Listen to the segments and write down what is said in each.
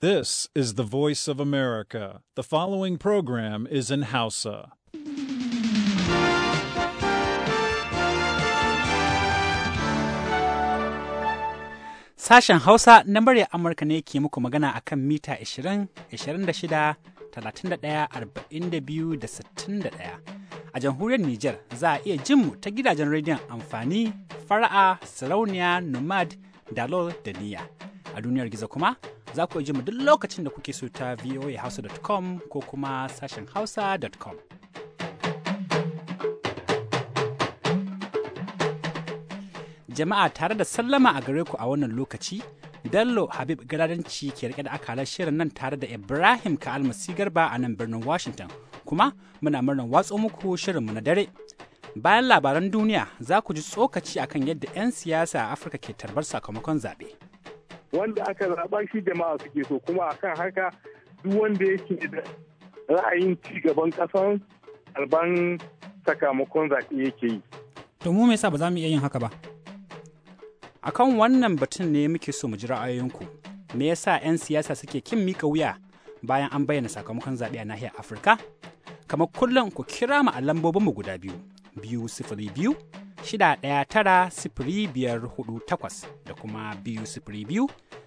This is the voice of America. The following program is in Hausa. Sashen Hausa na murya Amurka ne ke muku magana a kan mita 20, 26, 31, 42 da 61. A jamhuriyar Nijar za a iya jinmu ta gidajen rediyon amfani, fara'a, sarauniya, nomad, dalo da niyya. A duniyar gizo kuma za ku ji mu duk lokacin da kuke so ta voahausa.com ko kuma sashen hausa.com. Jama'a tare da sallama a gare ku a wannan lokaci, dallo Habib Galadanci ke rike da akalar shirin nan tare da Ibrahim ka Almasi Garba a nan birnin Washington. Kuma muna murnar watso muku shirin mu na dare. Bayan labaran duniya za ku ji tsokaci akan yadda 'yan siyasa a Afirka ke tarbar sakamakon zaɓe. Wanda aka zaɓa shi jama'a suke so kuma akan haka duk wanda yake da ra'ayin ci gaban ƙasan alban sakamakon zaɓe yake yi. To mu me yasa ba za mu iya yin haka ba? Akan wannan batun ne muke so mu ji ra'ayoyinku. Me yasa 'yan siyasa suke kin mika wuya bayan an bayyana sakamakon zaɓe a nahiyar Afirka? Kamar kullum ku kira mu a lambobinmu guda biyu. biyu sifiri biyu shida ɗaya tara sifiri biyar hudu takwas da kuma biyu sifiri biyu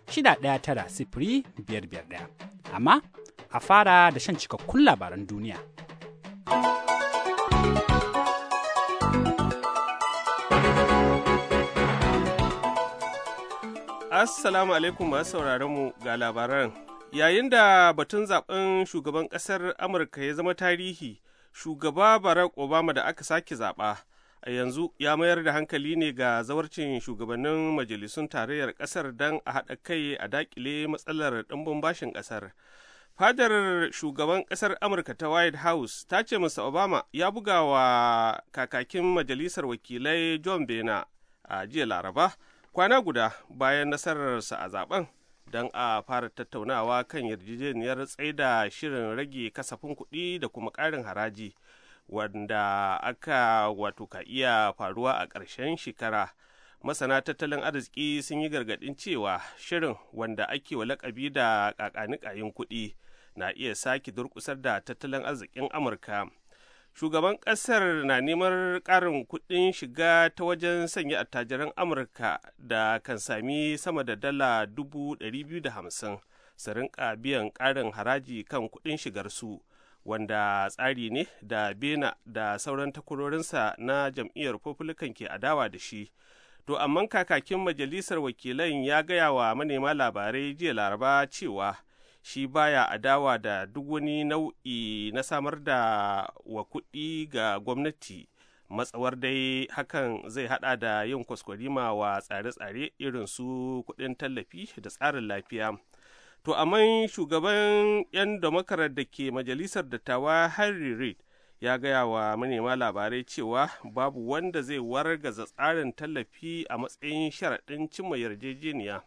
shida ɗaya tara sifiri biyar biyar ɗaya. Amma a fara da shan cikakkun labaran duniya. Assalamu alaikum masu sauraron mu ga labaran. Yayin da batun zaben shugaban ƙasar Amurka ya zama tarihi, shugaba barack obama da aka sake zaɓa a yanzu ya mayar da hankali ne ga zawarcin shugabannin majalisun tarayyar ƙasar don a haɗa kai a daƙile matsalar ɗimbin bashin ƙasar fadar shugaban ƙasar amurka ta white house ta ce masa obama ya buga wa kakakin majalisar wakilai john bena a jiya laraba kwana guda bayan nasararsa a zaben don a fara tattaunawa kan yarjejeniyar tsaida shirin rage kasafin kuɗi da kuma ƙarin haraji wanda aka wato ka iya faruwa a ƙarshen shekara masana tattalin arziki sun yi gargaɗin cewa shirin wanda ake wa laƙabi da ƙaƙanikayin kuɗi na iya sake durƙusar da tattalin arzikin amurka shugaban ƙasar na neman ƙarin kuɗin shiga ta wajen sanya attajiran amurka da kan sami sama da dala dubu ɗari da hamsin su rinƙa biyan ƙarin haraji kan kuɗin shigarsu wanda tsari ne da bena da sauran takwarorinsa na jam'iyyar republican ke adawa da shi to amma kakakin majalisar wakilan ya gaya wa manema labarai jiya laraba cewa shi baya adawa da duk wani nau'i na samar da wa kuɗi ga gwamnati matsawar dai hakan zai hada da yin kwaskwarima wa tsare-tsare irin su kuɗin tallafi da tsarin lafiya to amma shugaban 'yan damakarar da ke majalisar dattawa harry reid ya gaya wa manema labarai cewa babu wanda zai wargaza tsarin tallafi a matsayin sharaɗin cimma yarjejeniya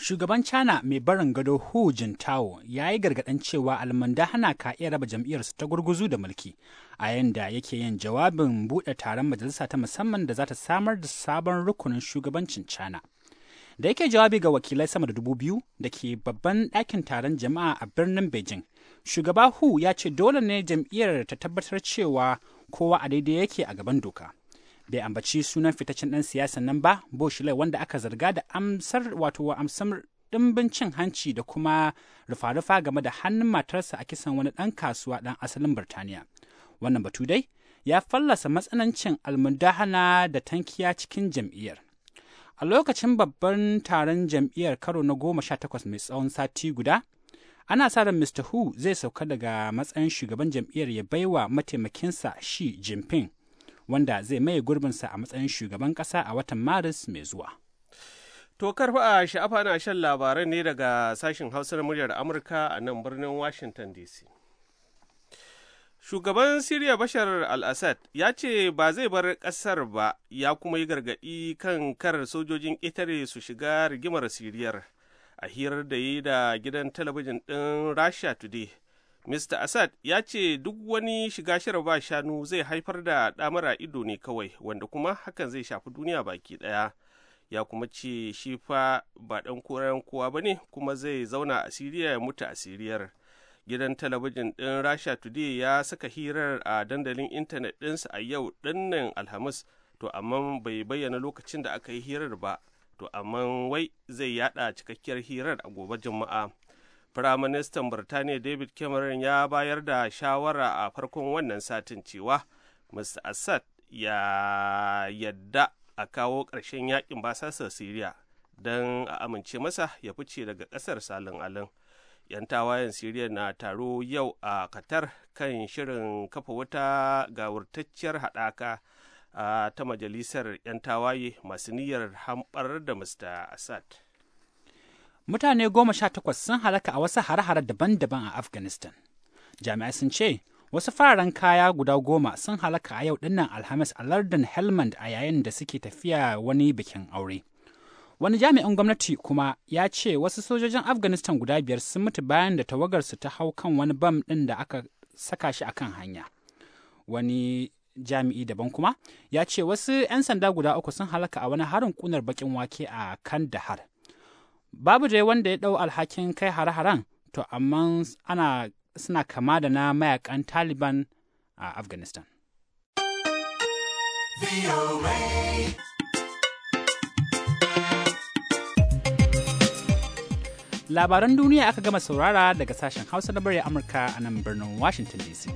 Shugaban China mai barin gado Hu Jintao ya yi gargaɗin cewa almandahana ka iya raba jam'iyyarsa ta gurguzu da mulki, a yanda yake yin jawabin buɗe taron majalisa ta musamman da za ta samar da sabon rukunin shugabancin China. Da yake jawabi ga wakilai sama da dubu biyu da ke babban ɗakin taron jama'a a birnin Beijing, shugaba Hu ya ce dole ne jam'iyyar ta tabbatar cewa kowa a daidai yake a gaban doka. bai ambaci sunan fitaccen ɗan siyasan nan ba Bushler wanda aka zarga da amsar wato amsar ɗimbin cin hanci da kuma rufa-rufa game da hannun matarsa a kisan wani ɗan kasuwa dan asalin Birtaniya. Wannan batu dai ya fallasa matsanancin almundahana da tankiya cikin jam'iyyar. A lokacin babban taron jam'iyyar karo na goma sha takwas mai tsawon sati guda, ana sa ran Mr. Hu zai sauka daga matsayin shugaban jam'iyyar ya baiwa mataimakinsa Xi Jinping wanda zai maye gurbinsa a matsayin shugaban ƙasa a watan Maris mai zuwa. To karfa a sha'afa na shan labarai ne daga sashen Hausa muryar Amurka a nan birnin Washington DC. Shugaban Siriya Bashar al-Assad ya ce ba zai bar ƙasar ba ya kuma yi gargaɗi kan kar sojojin ƙetare su shiga rigimar Siriyar a hirar da yi da gidan talabijin ɗin rasha Today. Mr. Assad ya ce duk wani shiga shirar ba shanu zai haifar da ɗamara ido ne kawai wanda kuma hakan zai shafi duniya baki ɗaya. Ya kuma ce shi fa ba ɗan koren kowa ba ne kuma zai zauna a Siriya ya mutu a Siriyar. Gidan talabijin ɗin Rasha Today ya saka hirar a dandalin intanet ɗinsa a yau ɗinnan Alhamis, to amma bai bayyana lokacin da aka yi hirar ba, to amma wai zai yada cikakkiyar hirar a gobe Juma'a. Firaministan Birtaniya David Cameron ya bayar da shawara a farkon wannan satin cewa Mr. Assad ya yadda a kawo ƙarshen yakin basasar Siriya don a amince masa ya fice daga ƙasar salin alin. 'Yan tawayen Siriya na taro yau a Qatar kan shirin kafa wata gawurtacciyar haɗaka ta majalisar 'yan tawaye masu niyyar hamɓar da Mr. Assad. mutane goma sha takwas sun halaka a wasu hare-hare daban-daban a afghanistan jami'ai sun ce wasu fararen kaya guda goma sun halaka a yau dinnan alhamis a lardin helmand a yayin da suke tafiya wani bikin aure wani jami'in gwamnati kuma ya ce wasu sojojin afghanistan guda biyar sun mutu bayan da tawagarsu ta hau kan wani bam ɗin da aka saka shi a kan hanya wani jami'i daban kuma ya ce wasu 'yan sanda guda uku sun halaka a wani harin kunar bakin wake a kandahar babu dai wanda ya ɗau alhakin kai hare-haren to amma ana suna kama da na mayakan taliban a afghanistan labaran duniya aka gama saurara daga sashen hausa na murya amurka a nan birnin washington dc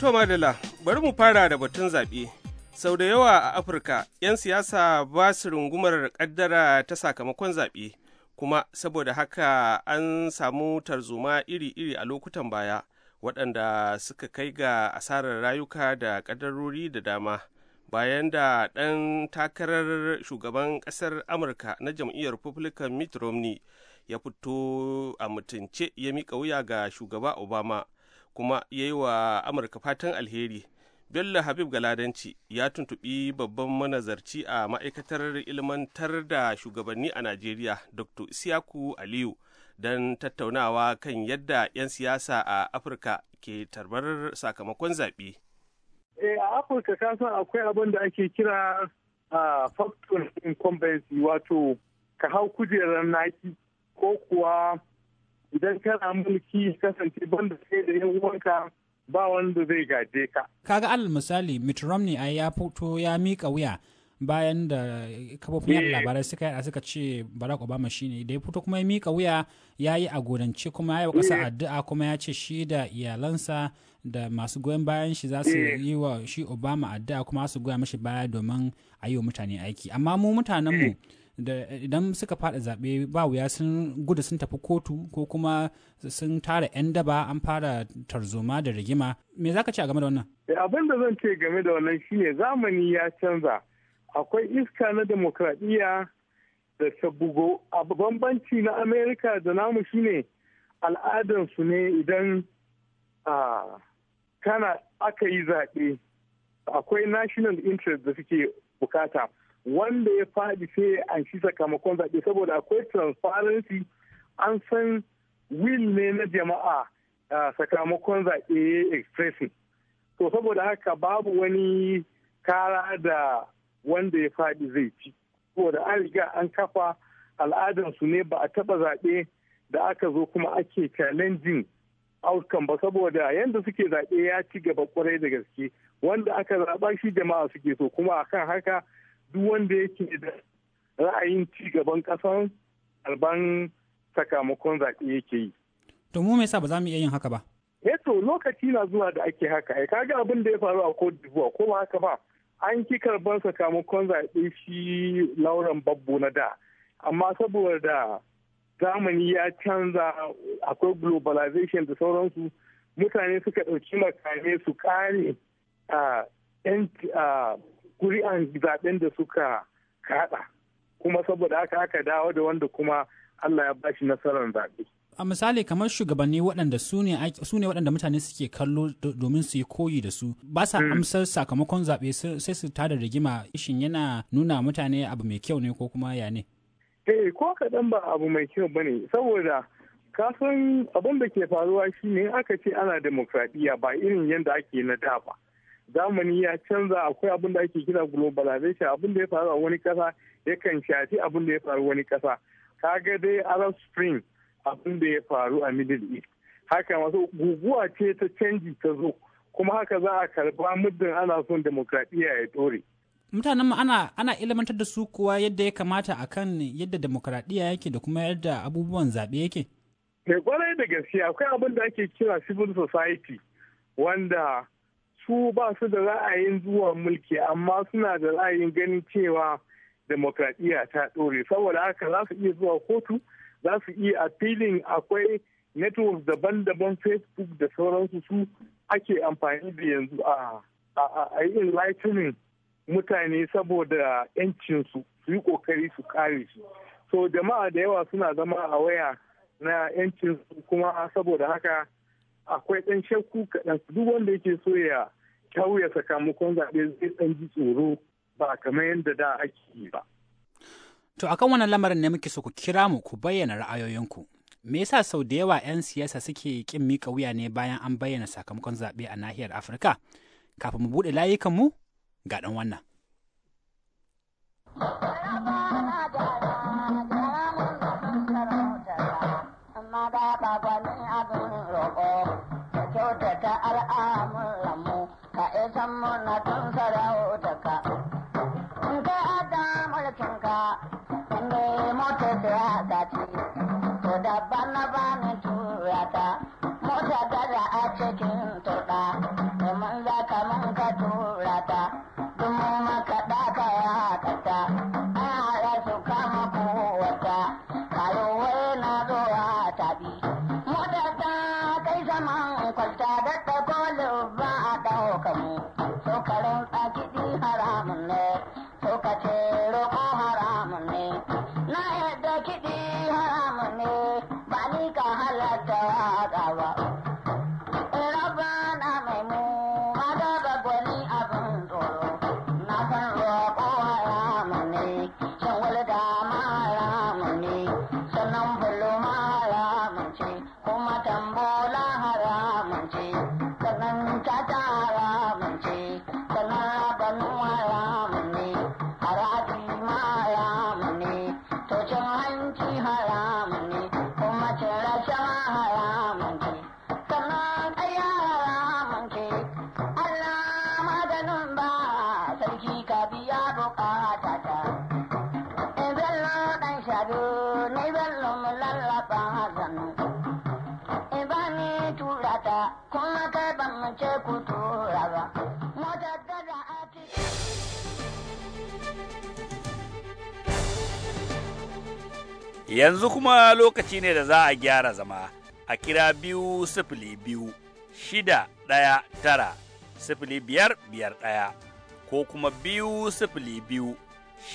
to madalla bari mu fara da batun zaɓe. Sau da yawa a Afirka, 'yan siyasa ba su rungumar ƙaddara ta sakamakon zaɓe, kuma saboda haka an samu tarzoma iri-iri a lokutan baya, waɗanda suka kai ga asarar rayuka da ƙaddarori da dama. Bayan da ɗan takarar shugaban ƙasar Amurka na jam'iyyar Republican Mitt Romney ya fito a mutunce ya mika wuya ga shugaba Obama. kuma ya yi wa amurka fatan alheri bello habib galadanci ya tuntubi babban manazarci a ma'aikatar ilmantar da shugabanni a najeriya dr isiyaku aliyu don tattaunawa kan yadda 'yan siyasa a afirka ke tarbar sakamakon zaɓe. Eh, a afirka san akwai abin da ake kira a factor incumbency wato ka hau kujerar naki ko kuwa idan kana mulki kasance banda kai da yan uwanka ba wanda zai gaje ka kaga alal misali Mitt Romney ai ya fito ya mika wuya bayan da kafofin yada eh. labarai suka yada suka ce Barack Obama shine da ya fito kuma ya mika wuya ya yi a godance kuma ya yi wa kasa eh. addu'a kuma ya ce shi da iyalansa da masu goyon bayan shi za su eh. yi wa shi Obama addu'a kuma su goya mashi baya domin a yi wa mutane aiki amma mu mutanen mu da idan suka fada zaɓe ba wuya sun gudu sun tafi kotu ko kuma sun tara 'yan daba an fara tarzoma da rigima me za ka ce a game da wannan eh, abin da zan ce game da wannan shine zamani ya canza akwai iska na demokradiyya da ta bugo abu bambanci na amerika da namu shine al'adansu ne idan kana aka yi zaɓe akwai national interest da suke bukata wanda ya faɗi sai an shi sakamakon zaɓe saboda akwai transparency an san will ne na jama'a sakamakon zaɓe ya expressing to saboda haka babu wani kara da wanda ya faɗi zai ci saboda an riga an kafa al'adansu ne ba a taɓa zaɓe da aka zo kuma ake challenging outcome ba saboda yadda suke zaɓe ya ci gaba kwarai da gaske wanda aka zaɓa shi jama'a suke so kuma akan haka duk wanda yake da ra'ayin ci gaban kasan alban sakamakon zaɓe yake yi. To mu me yasa ba za mu iya yin haka ba? Eh to lokaci na zuwa da ake haka ai eh, kaga abin da ya faru a Cote d'Ivoire ko ba haka ba an ki karban sakamakon zaɓe shi lauran babbo na da amma saboda zamani ya canza akwai globalization da sauransu mutane suka ɗauki makane su ƙare a ah, kuri'an zaɓen da suka kaɗa kuma saboda haka aka dawo da wanda kuma Allah ya bashi nasarar zaɓe. A misali kamar shugabanni waɗanda su ne waɗanda mutane suke kallo domin su yi koyi da su ba sa hmm. amsar sakamakon zaɓe sai su tada rigima ishin yana nuna mutane abu mai kyau ne ko kuma ya ne? Eh ko kaɗan ba abu mai kyau ba ne saboda kasan abin da ke faruwa shine aka ce ana demokradiyya ba irin yadda ake na da ba. zamani ya canza akwai abin da ake kira globalization abin da ya faru a wani kasa yakan shafi abin da ya faru wani kasa kaga dai arab spring abin da ya faru a middle east haka masu guguwa ce ta canji ta zo kuma haka za a karba muddin ana son demokradiyya ya dore mutanen mu ana ana ilmantar da su kuwa yadda ya kamata akan yadda demokradiyya yake da kuma yadda abubuwan zaɓe yake kwarai eh, da gaske akwai abin da ake kira civil society wanda su ba su da ra'ayin zuwa mulki amma suna da ra'ayin ganin cewa demokradiyya ta ɗore saboda haka za su iya zuwa kotu za su iya filin akwai network daban-daban facebook da sauransu su ake amfani da yanzu a a yi enlightening mutane saboda 'yancinsu su yi kokari su kare shi so jama'a da yawa suna zama a waya na 'yancinsu kuma saboda haka akwai ɗan shakku kaɗan duk wanda yake so ya tauye sakamakon zaɓe zai ɗan ji tsoro ba kamar yadda da ake yi ba. To akan wannan lamarin ne muke so ku kira mu ku bayyana ra'ayoyinku. Me yasa sau da yawa 'yan siyasa suke ƙin mika wuya ne bayan an bayyana sakamakon zaɓe a nahiyar Afirka? Kafin mu buɗe layukanmu ga ɗan wannan. Amma ba ba ni abin roƙo, da kyautata al'amuranmu. ka isan muna tun sarautaka in ka ada mulkinka ne mota da ya to da bana bani turata mota da a cikin turɗa domin za ka mun ka turata domin maka ɗaka ya kata yanzu kuma lokaci ne da za a gyara zama a kira biyu sifili biyu shida ɗaya tara sifili biyar biyar ɗaya ko kuma biyu sifili biyu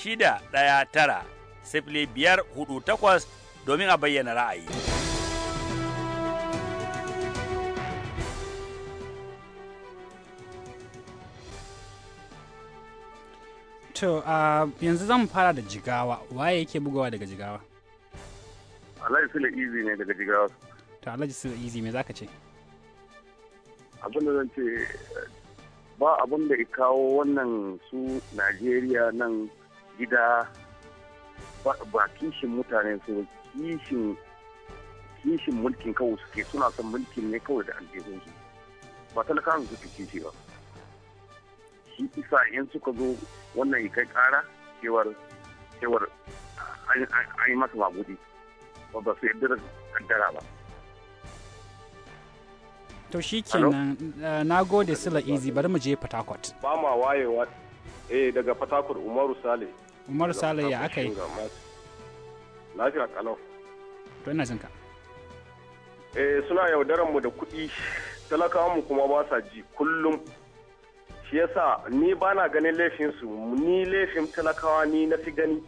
shida ɗaya tara sifili biyar hudu takwas domin a bayyana ra'ayi. To, uh, yanzu zan fara da jigawa, waye yake bugawa daga jigawa? Alhaji Sule Izi ne daga Jigawa. ta Alhaji Sule Izi me zaka ce? Abin da zan ce ba abin da ya kawo wannan su Najeriya nan gida ba kishin mutane su kishin kishin mulkin kawai suke suna son mulkin ne kawai da aljihunsu ba talakawan su fi kishi ba shi isa in suka zo wannan ya kai kara cewar cewar an yi masa magudi wanda su yadda da kankara ba to shi nan eh, na gode sila izi bari mu je port ba ma wayewa eh daga port umaru sale umaru sale ya aka yi lafiya kalau to ina jinka eh suna yaudaran mu da kuɗi talakawan mu kuma ba sa ji kullum shi yasa ni ba na ganin laifin su ni laifin talakawa ni na fi gani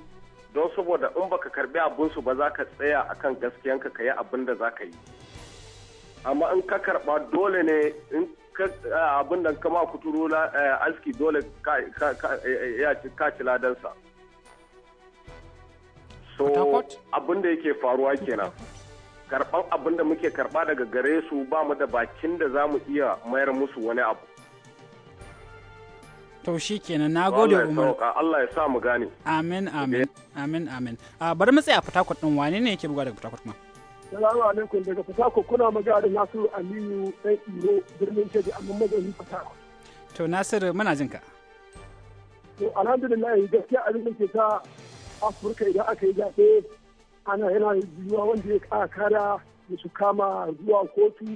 don saboda in baka karbi abinsu ba za ka tsaya kan gaskiyanka ka yi abin da za ka yi amma in ka karba dole ne in abin da kama kuturu aski dole ka ci ladansa so abin da yake faruwa kenan karban abin da muke karba daga gare su ba mu da bakin da za mu iya mayar musu wani abu To shi kenan na gode Umar. Allah ya sa mu gane. Amin amin amin amin. Bari mu tsaya Fatakwat ɗin wani ne yake buga daga Fatakwat ma? Salamu alaikum daga Fatakwat kuna magana da Nasiru Aliyu ɗan Iro birnin Kebbi amma mazaunin Fatakwat. To Nasiru muna jin ka. To alhamdulillah gaskiya abin da ke ta Afirka idan aka yi zaɓe ana yana yiwuwa wanda ya kara da su kama zuwa kotu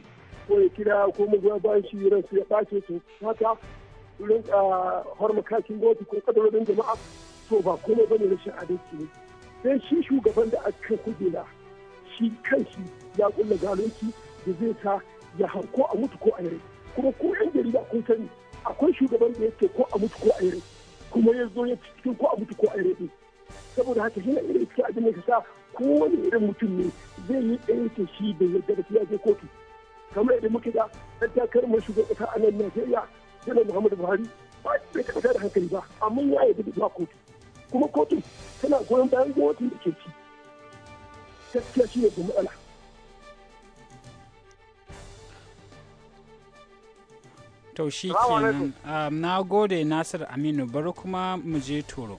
ko ya kira ko mu goya bayan shi ransu ya ɓace su haka Ah, rinka horma gwamnati ko kadarorin jama'a to ba komai bane rashin adalci ne sai shi shugaban da aka kujera shi kanshi ya kulla zalunci da zai sa ya hanko a mutu ko a yare kuma ko yan jarida kun sani akwai shugaban da yake ko a mutu ko a yare kuma ya zo ya cikin ko a mutu ko a yare din saboda haka shi na irin cikin abin da ka sa kowane irin mutum ne zai yi ɗaya ke shi da yarda da ya je kotu kamar idan muke da ɗan takarar mai shugaban ƙasa a nan Najeriya janar muhammadu buhari ba bai taɓa da hankali ba amma ya yi da ba kotu kuma kotun tana goyon bayan gwamnatin da ke ci gaskiya shi ne da matsala To shi kenan um, na gode Nasir Aminu bari kuma mu je Toro.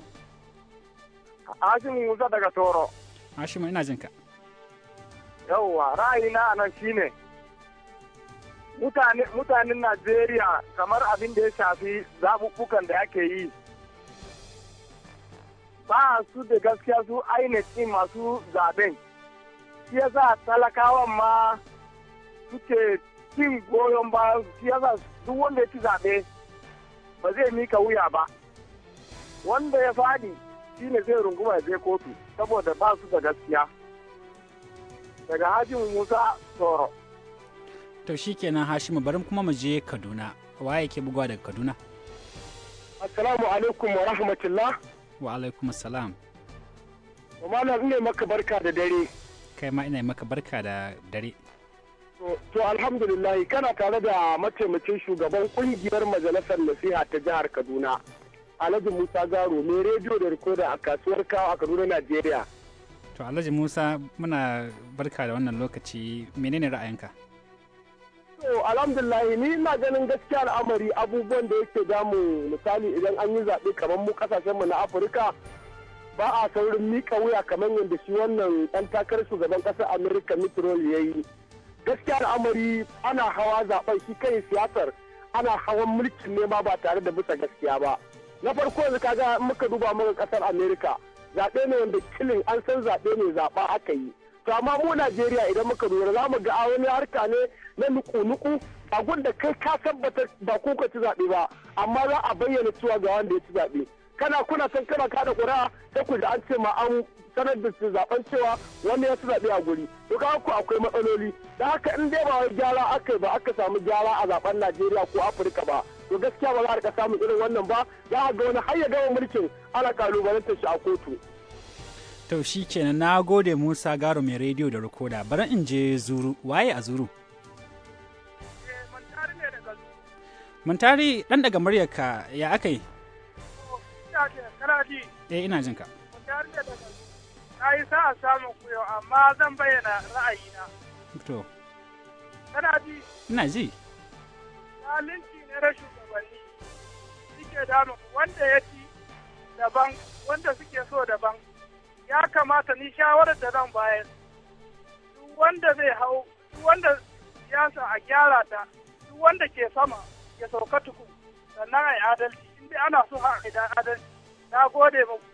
Hashim Musa daga Toro. Hashim ina jinka. Yawwa ra'ayina a nan shine mutanen Najeriya kamar abin da ya shafi zaɓuɓɓukan da ake yi ba su da gaskiya su ainihi masu zaben shi yasa talakawan ma suke cin goyon bayan shi duk wanda ya ci zaɓe ba zai mika wuya ba wanda ya faɗi shi ne zai runguma zai kotu saboda ba su da gaskiya daga hajji musa tsoro to shikenan hashimu bari kuma mu je kaduna wa ke bugawa daga kaduna assalamu alaikum wa rahmatullah wa alaikum assalam malam ina maka barka da dare kai ma ina maka barka da dare to alhamdulillah kana tare da mataimakin shugaban kungiyar majalisar nasiha ta jihar kaduna alhaji musa garo mai rediyo da rikoda a kasuwar kawo a kaduna nigeria. to alhaji musa muna barka da wannan lokaci menene ra'ayinka To alhamdulillah ni ina ganin gaskiya al'amari abubuwan da yake damu misali idan an yi zaɓe kamar mu kasashen mu na Afirka ba a saurin mika wuya kamar yadda shi wannan ɗan takarar shugaban ƙasar Amurka Mitrol ya yi. Gaskiya al'amari ana hawa zaɓen shi kai siyasar ana hawan mulkin ne ma ba tare da bisa gaskiya ba. Na farko yanzu kaga muka duba muka ƙasar Amerika zaɓe ne wanda kilin an san zaɓe ne zaɓa aka yi. to amma mu najeriya idan muka lura za mu ga wani harka ne na nuku-nuku a gunda kai ka tabbatar ba ko ka ci zaɓe ba amma za a bayyana cewa ga wanda ya ci zaɓe kana kuna san kana kada ƙuri'a ta ku da an ce ma an sanar da su zaɓen cewa wani ya ci zaɓe a guri to ga ku akwai matsaloli da haka in dai ba wai gyara aka ba aka samu gyara a zaɓen Najeriya ko Afirka ba to gaskiya ba za a rika samun irin wannan ba za a ga wani har ya gama mulkin ana kalubalantar shi a kotu to shi kenan na gode musa garo mai rediyo da rikoda bari in je zuru waye a zuru Mantari ɗan daga ka ya aka yi? Eh ina jin ka. Mantari ne daga na yi sa'a samun ku yau amma zan bayyana ra'ayina. To. Kana ji? Ina ji. Zalunci ne rashin gabanni. Suke damu wanda ya ci daban wanda suke so daban ya kamata ni shawarar da zan bayar duk wanda zai hau duk wanda siyasa a gyara ta duk wanda ke sama ya sauka tuku sannan a adalci in dai ana so a idan adalci na gode muku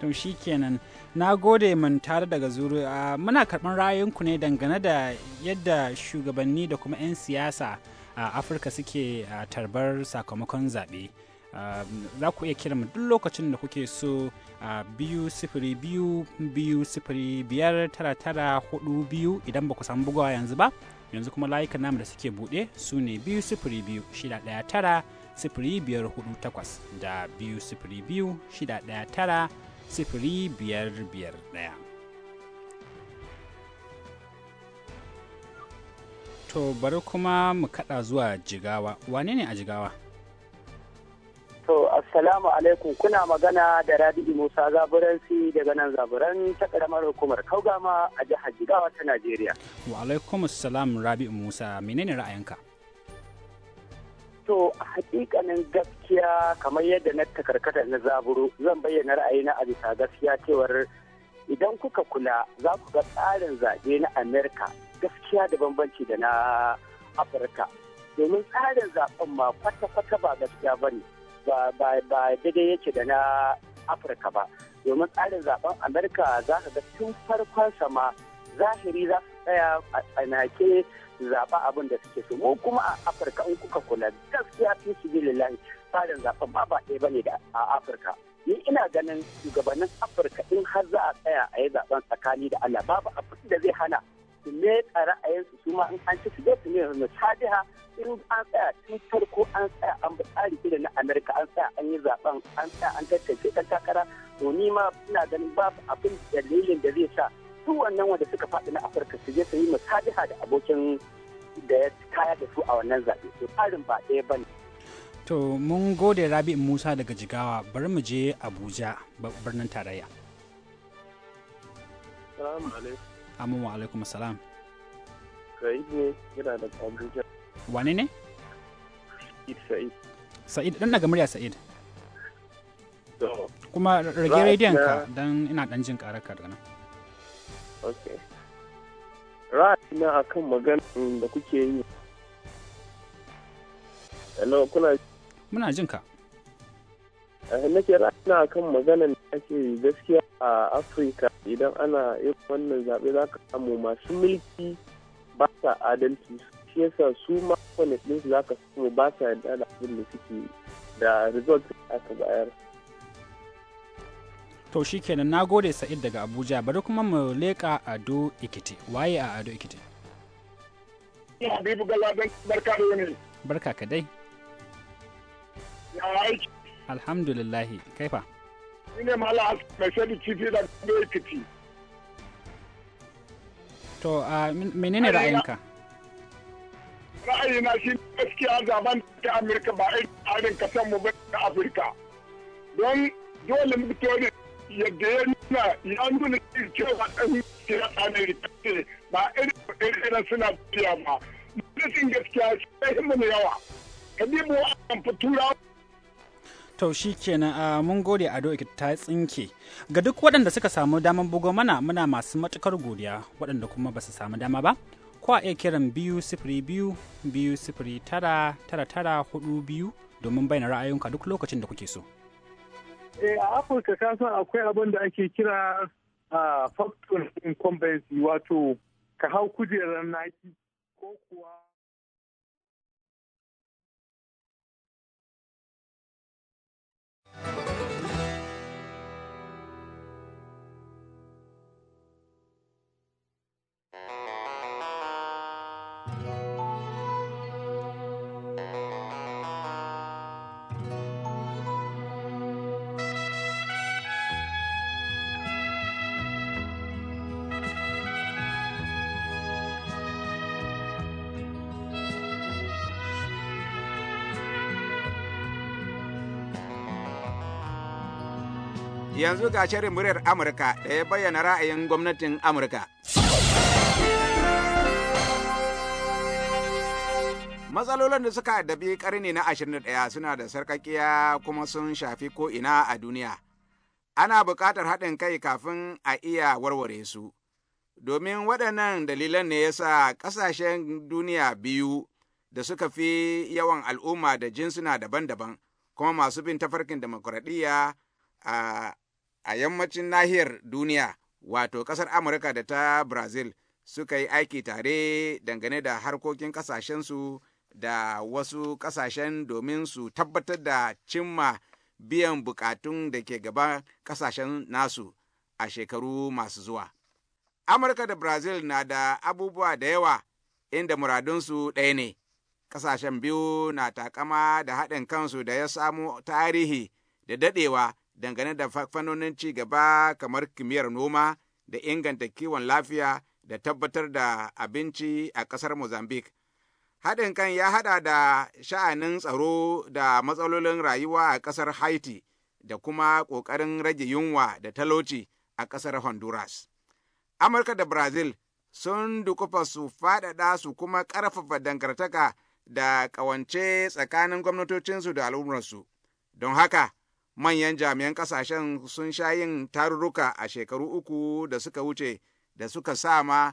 to shi kenan na gode mun tare daga zuru ah, muna karɓar ra'ayinku ne dangane da yadda shugabanni da kuma 'yan siyasa a afirka suke ah, tarbar sakamakon zaɓe. za ku iya kiran mu duk lokacin da kuke so a biyu sifiri biyu biyu sifiri biyar tara tara hudu biyu idan ba ku samu bugawa yanzu ba yanzu kuma layukan namu da suke buɗe su ne biyu sifiri biyu shida ɗaya tara sifiri biyar hudu takwas da biyu sifiri biyu shida ɗaya tara sifiri biyar biyar ɗaya. To bari kuma mu kaɗa zuwa jigawa, wane ne a jigawa? To, Assalamu alaikum kuna magana da Rabi'u Musa Zaburansi daga nan Zaburan ta karamar hukumar Kaugama a jihar Jigawa ta Najeriya. Wa alaikum assalam Rabi'u Musa, menene ra'ayinka? To, a hakikanin gaskiya kamar yadda na takarkata na zaburo zan bayyana ra'ayina a bisa gaskiya cewar idan kuka kula za ku ga tsarin zaɓe na Amerika gaskiya da bambanci da na Afirka. Domin tsarin zaɓen ma kwata-kwata ba gaskiya ba ne. ba daidai yake da na afirka ba domin tsarin zaben amurka za ka ga tun farkon sama zahiri za su tsaya a tsanake zaɓa abin da suke so mu kuma a afirka in kuka kula gaskiya fi su bi lillahi tsarin zaben ba ba ɗaya bane da a afirka ni ina ganin shugabannin afirka in har za a tsaya a yi zaben tsakani da allah babu abin da zai hana su a ra'ayinsu su ma in an ci su su ne na sadiha in an tsaya tun farko an tsaya an bi tsari gida na amerika an tsaya an yi zaben an tsaya an tattace ta takara to ni ma ina ganin babu abin dalilin da zai sa su wannan wanda suka faɗi na afirka su je su yi musabiha da abokin da ya kaya da su a wannan zaɓe to tsarin ba ɗaya ba ne. to mun gode rabi musa daga jigawa bari mu je abuja birnin tarayya. Amin wa alaikum salam. Sa'id ne yana da Abuja. Wane ne? Sa'id. Sa'id dan daga murya Sa'id. Kuma rage rediyon ka don ina dan jin karar ka nan. Okay. Ra'ayina kan magana da kuke yi. Hello, kuna Muna jin ka. Eh, nake ra'ayina kan magana da ake gaskiya a afirka idan ana yin wannan zaɓe za ka samu masu mulki ba sa adalci shi yasa su ma wani ɗinsu za ka samu ba sa yadda da abin da suke da result aka bayar. To shi kenan na gode Sa'id daga Abuja bari kuma mu leƙa Ado Ikiti. Waye a Ado Ikiti? Habibu Galabai barka da wani. Barka ka dai. Ya aiki. Alhamdulillahi, kaifa. Ni ne Malam mai sai da kifi da Gombe Ekiti. To, menene ra'ayinka? Ra'ayina shi gaskiya zaben ta Amurka ba irin kasan mu ba na Afirka. Don dole mu fito ne yadda ya nuna ya nuna cewa ɗan a ne rikace ba irin irin suna biya ba. Mutum gaskiya shi mu yawa. Kadibu a kan turawa to shi kenan a ah, mun gode a ado ta tsinke ga duk waɗanda suka samu damar bugo mana muna masu matukar godiya waɗanda kuma ba su samu dama ba ko a iya kiran biyu sifiri biyu biyu sifiri tara tara tara hudu biyu domin bayan ra'ayinka duk lokacin da kuke so. Eh, a Afirka ka akwai abin da ake kira ah, factor incumbency wato ka hau kujerar naki ko kuwa Thank you. Yanzu ga shirin muryar Amurka da ya bayyana ra'ayin gwamnatin Amurka. Matsalolin da suka addabi karni na 21 suna da sarkakiya kuma sun shafi ko'ina a duniya. Ana buƙatar haɗin kai kafin a iya warware su. Domin waɗannan dalilan ne yasa ƙasashen duniya biyu da suka fi yawan al'umma da jinsuna daban-daban kuma masu bin tafarkin demokuraɗiyya a yammacin nahiyar duniya wato ƙasar amurka da ta brazil suka yi aiki tare dangane da harkokin ƙasashensu da wasu ƙasashen domin su tabbatar da cimma biyan bukatun da ke gaban ƙasashen nasu a shekaru masu zuwa amurka da brazil na da abubuwa da yawa inda muradunsu ɗaya ne ƙasashen biyu na takama da haɗin kansu da ya samu tarihi da daɗewa dangane da fannonin ci gaba kamar kimiyyar noma da inganta kiwon lafiya da tabbatar da abinci a ƙasar Mozambique. Haɗin kan ya haɗa da sha'anin tsaro da matsalolin rayuwa a ƙasar Haiti da kuma ƙoƙarin rage yunwa da talauci a ƙasar Honduras. Amurka da Brazil sun dukufa su faɗaɗa su kuma ƙarfafa dangartaka da ƙawance tsakanin gwamnatocinsu da al'ummarsu. Don haka, manyan jami'an kasashen sun sha yin tarurruka a shekaru uku da suka wuce da suka sa ma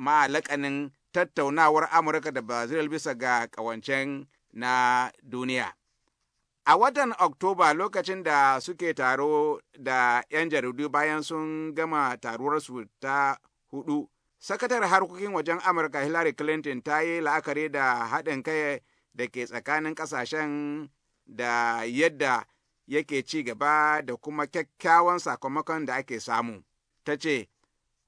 ma'alakanin tattaunawar Amurka da Brazil bisa ga ƙawancen na duniya. A watan Oktoba lokacin da suke taro da ‘yan jaridu bayan sun gama taruwarsu ta hudu, Sakatar harkokin wajen Amurka Hillary Clinton ta yi la'akari da haɗin kai da ke tsakanin ƙasashen da yadda yake ci gaba da kuma kyakkyawan sakamakon da ake samu. Ta ce,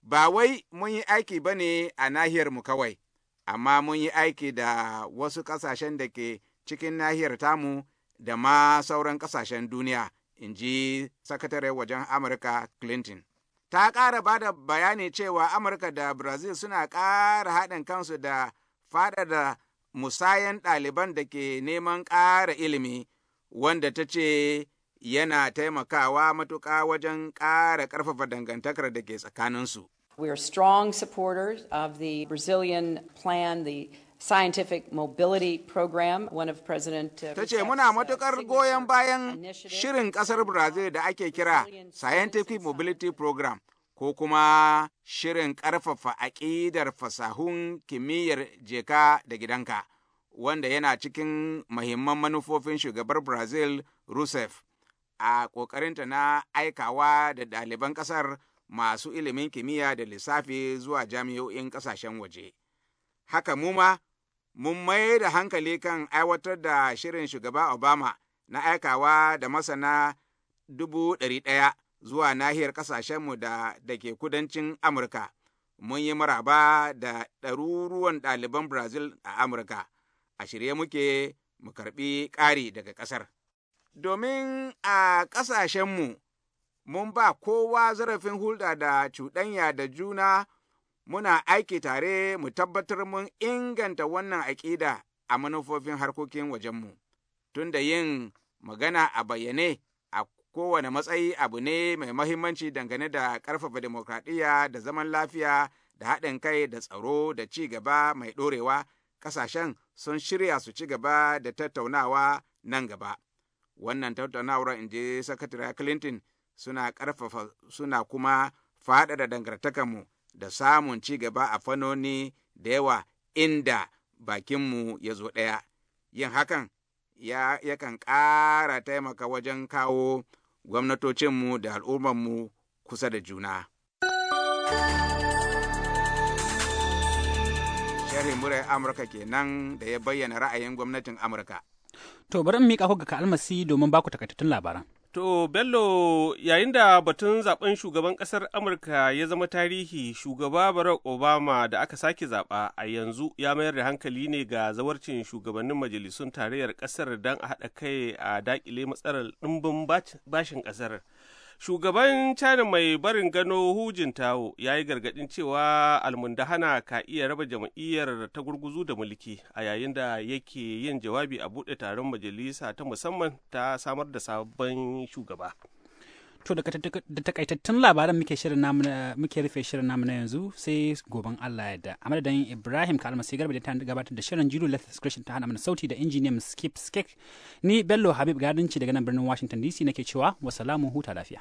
Ba wai mun yi aiki ba ne a mu kawai, amma mun yi aiki da wasu ƙasashen da ke cikin nahiyar tamu da ma sauran ƙasashen duniya, in ji sakatare wajen Amurka Clinton. Ta ƙara ba da bayani cewa Amurka da Brazil suna ƙara haɗin kansu da faɗaɗa musayan ɗaliban da ke neman ƙara ilimi wanda ta ce yana taimakawa matuƙa wajen ƙara ƙarfafa dangantakar da ke tsakaninsu. We are strong supporters of the Brazilian plan, the Scientific Mobility Program, one of President uh, Ta ce muna uh, matuƙar goyon bayan shirin ƙasar Brazil da ake kira Scientific Mobility Program ko kuma shirin ƙarfafa aƙidar fasahun kimiyyar jeka da gidanka. wanda yana cikin mahimman manufofin shugabar Brazil Rousseff a ƙoƙarinta na aikawa da ɗaliban ƙasar masu ilimin kimiyya da lissafi zuwa jami'o'in ƙasashen waje. Haka mu ma, mun mai da hankali kan aiwatar da shirin shugaba Obama na aikawa da masana dubu ɗari ɗaya zuwa nahiyar ƙasashenmu da da ke kudancin Amurka. Mun yi maraba da ɗaruruwan ɗaliban Brazil a Amurka. a shirye muke mu karbi ƙari daga ƙasar. Domin a ƙasashenmu mun ba kowa zarafin hulɗa da cuɗanya da juna muna aiki tare mu tabbatar mun inganta wannan aƙida a manufofin harkokin wajenmu. Tun da yin magana a bayyane a kowane matsayi abu ne mai mahimmanci dangane da ƙarfafa demokradiyya da zaman lafiya da haɗin kai da tsaro da ci gaba mai ɗorewa ƙasashen sun shirya su ci gaba da tattaunawa nan gaba. Wannan tattaunawar inji Sakatare Clinton suna ƙarfafa suna kuma faɗaɗa dangantakarmu da samun ci gaba a fannoni da yawa inda bakinmu ya zo ɗaya. Yin hakan ya yakan ƙara taimaka wajen kawo gwamnatocinmu da al'ummarmu kusa da juna. sharhin murar Amurka kenan da ya bayyana ra'ayin gwamnatin Amurka. To bari in miƙa ga kalmasi domin baku takaitattun labaran. To Bello yayin da batun zaben shugaban ƙasar Amurka ya zama tarihi shugaba Barack Obama da aka sake zaɓa a yanzu ya mayar da hankali ne ga zawarcin shugabannin majalisun tarayyar ƙasar don a haɗa kai a daƙile matsalar ɗimbin bashin ƙasar. Shugaban China mai barin gano hujin tawo ya yi gargaɗin cewa almundahana ka iya raba jam'iyyar ta gurguzu da mulki a yayin da yake yin jawabi a buɗe taron majalisa ta musamman ta samar da sabon shugaba. to da takaitattun labaran muke shirin namu muke rufe shirin namu na yanzu sai goben Allah ya da amma dan Ibrahim ka almasi garba da ta gabatar da shirin Julius Lethal Christian ta hana mana sauti da engineer Skip Skek ni Bello Habib Gadinci daga nan birnin Washington DC nake cewa wasalamu huta lafiya